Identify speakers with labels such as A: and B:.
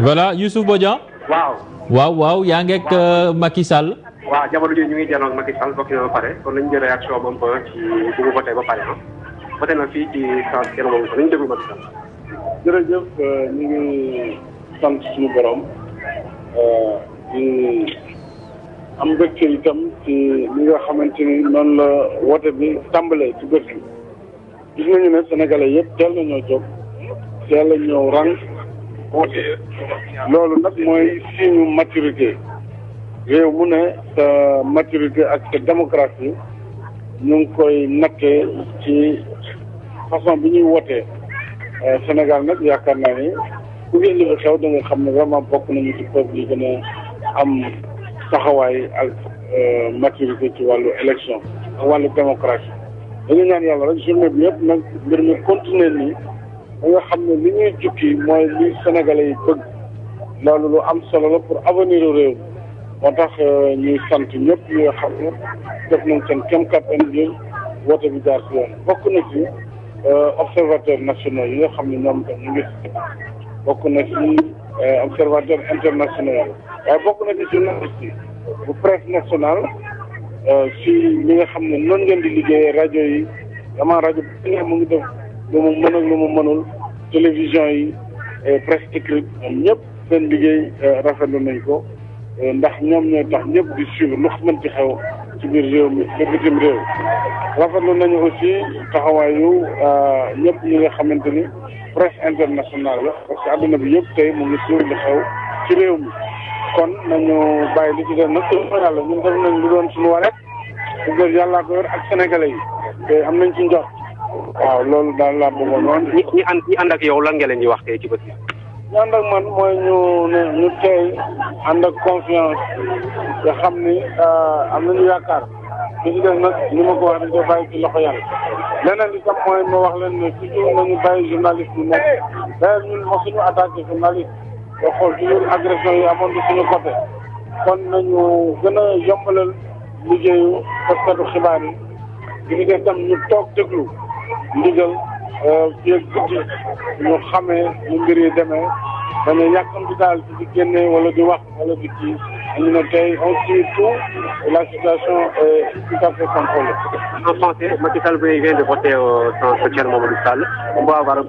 A: voilà Youssouf Bodian. waaw. waaw waaw yaa ngeeg euh, Macky Sall. waaw jamono jii ñu ngi jëloon Macky Sall bokk ba pare kon nañu jël réaction ba mu ba ci bu mu ba pare ah voté na fii ci sens kenn moomu ko nañu euh, ñu ngi sant suñu borom euh, di am mbégte itam ci li nga xamante ni noonu la bi tàmbalee ci bët bi. gis nañu ne sénégalais yëpp teel nañoo jóg teel la ñëw rang loolu nag mooy signe maturité réew mu ne sa maturité ak sa démocratie ñu ngi koy nattee ci façon bi ñuy wootee euh, Sénégal nag yaakaar naa ni ku fi indi xew da xam ne vraiment bokk nañu ci peuple yi gën a am taxawaay ak euh, maturité ci wàllu élection ak wàllu démocratie dañu naan yàlla rek journée bi yëpp nag mbir mi continuer nii ba nga xam ne li ñuy jukki mooy li sénégalais yi bëgg loolu lu am solo la pour avenir réew moo tax euh, ñuy sant ñëpp ñi nga xam ne def nañ seen kéem kattan ngir bokk na ci euh, observateur nationaux yi nga xam ne ñoom ñu ngi bokk na ci euh, observateur international waaye bokk na ci journaliste bu presse nationale Euh, si li nga xam ne noonu ngeen di liggéeyee rajo yi vraiment rajo bi nga mu ngi def lu mu mën lu mu mënul télévision yi presse écrite ñoom ñëpp seen liggéey euh, rafetlu nañ ko euh, ndax ñoom ñoo tax ñëpp di suivre lu xaman ci xew ci biir réew mi ba bitim réew rafetlu nañu aussi taxawaayu ñëpp ñi nga xamante ni presse internationale la parce bi yëpp tey mu ngi suivre lu xew ci réew mi kon nañu bàyyi li ci def nag yàlla ñun def nañ lu doon suñu wareef bu gër yàllaa ko ak sénégalais yi te am nañ ci njort waaw loolu daal laa bëggoon noonu ñi ñi ànd ak yow lan nga leen di wax tey ci bët bi ñu ànd ak man mooy ñu ne ñu teey ànd ak confiance nga xam ni ah, am nañu yaakaar li ci def nag ni ma ko wax dañ ko bàyyi ci loxo yàlla leneen li tam mooy ma wax leen ne toujours nañu bàyyi journaliste yi moom d'ailleurs ñun mosuñu attaqué journaliste nga xool toujours agression yi amoon na suñu côté kon nañu gën a yombalal liggéeyu taskatu xibaar yi di ñu def tam ñu toog déglu ndigal fii euh, ak guddi ñu xamee ñu mbir yi demee dañu yàkkamti daal ci di génne wala di wax wala di kii ñu ne tey on suit tout la situation est tout à fait contrôlée. En français, Macky Sall vient de voter euh, son soutien Mamadou Sall.